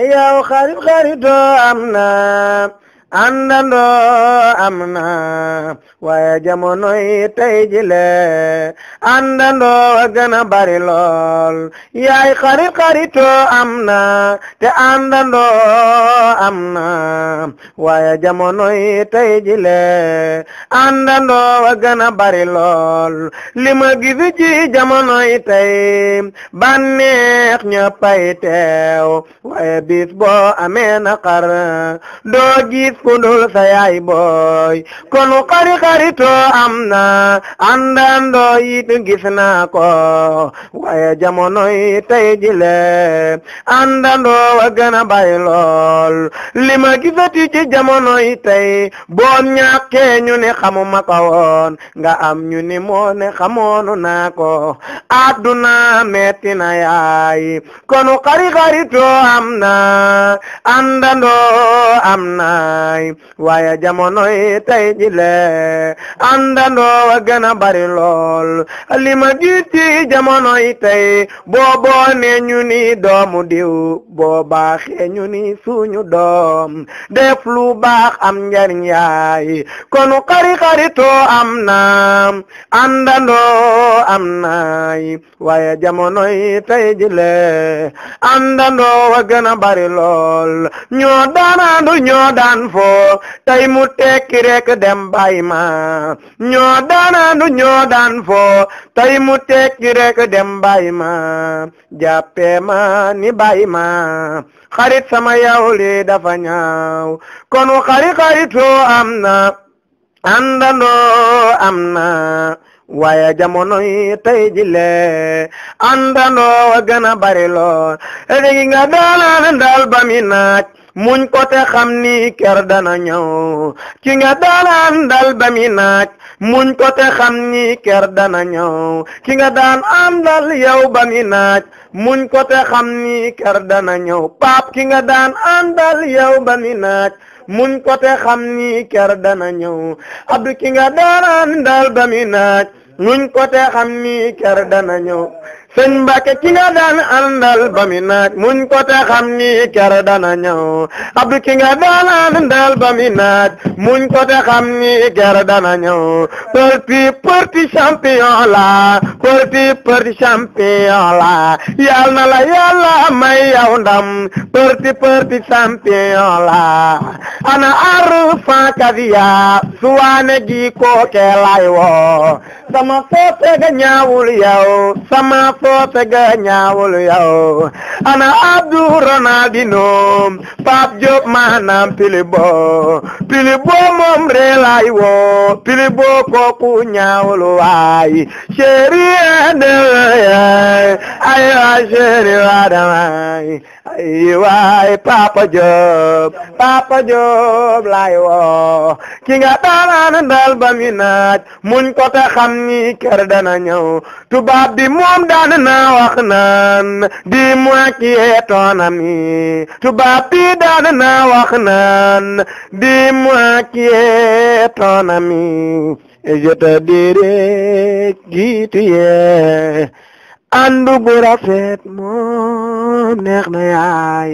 eyaw xarit xaritoo am na àndandoo am na waaye jamonoy tey jile àndandoo gën a bari lool yaay xarit xaritoo am na te àndandoo am na waaye jamonoy tey jile àndandoo gën a bari lool li ma gis jamonoy tey bànneex ñëppay teew waaye bis boo amee naqar doo gis kudul sa yaay booy kon xari xarito am na àndandoo it gis naa ko waaye jamonoy tey jile àndandoo wa gën a bàyyi lool li ma gisati ci jamonoy tey boo ñàkkee ñu ne xamuma ko woon am ñu ni moo ne xamoonu naa ko adduna metti na yaay kon xari xarito am na àndandoo am na nay waaye jamonoy tey jile àndandoo wa gën a bari lool li ma gis ci jamonoy tey booboo ne ñu ni doomu diw boo baaxee ñu ni suñu doom def lu baax am njariñ yaay kon xari xaritoo am na àndandoo am naay waaye jamonoy tey jile àndandoo wa gën a bari lool ñoo daan àndu ñoo daan foo tey mu tekki rek dem bàyyi ma ñoo daan àndu ñoo daan foo tey mu tekki rek dem bàyyi ma jàppee ma ni bay ma xarit sama yow li dafa ñaaw kon xari xaritoo am na àndandoo am na waaye jamono yi tey jile àndandoo wa gën a bari lool léegi nga daanaan daal ba mi naaj muñ ko te xam ni ker dana ñëw ci nga daanaan daal ba mi naaj xam ni ker dana ñëw ki nga daan àndal yow ba mi naaj muñ ko te ni ker dana ñëw paap ki nga daan àndal yow ba mi naaj muñ ko te xam ni ker dana ñëw abdu ki nga daan àndal ba mi nuñ ko te xam ni ker dana ñëw sëñ Mbàkke ki nga daan àndal ba mi naaj muñ ko te xam ni ker dana ñëw Abdu ki nga daan àndal ba mi naaj muñ ko te xam ni ker dana ñëw petit petit champion la petit petit champion la yal na la yàlla may yow ndam petit petit champion la ana arfan kafiya suwaane gi ko kelay wo sama foofe ga ñaawul yow sama foofe ga ñaawul yow ana abdu ronaldino pap job maanaam pilibo pilibo moom reelay wo pilibo kooku ñaawul waay chéri de ay ay chéri wadamay yi waay Papa Diop Papa Diop laay woo ki nga mi naaj muñ ko te xam ni kër dana ñëw tubaab bi moom daan na wax naan dis-moi qui est bi daan na wax naan dis-moi qui est ton ami et je te ànd bu rafet moom neex na yaay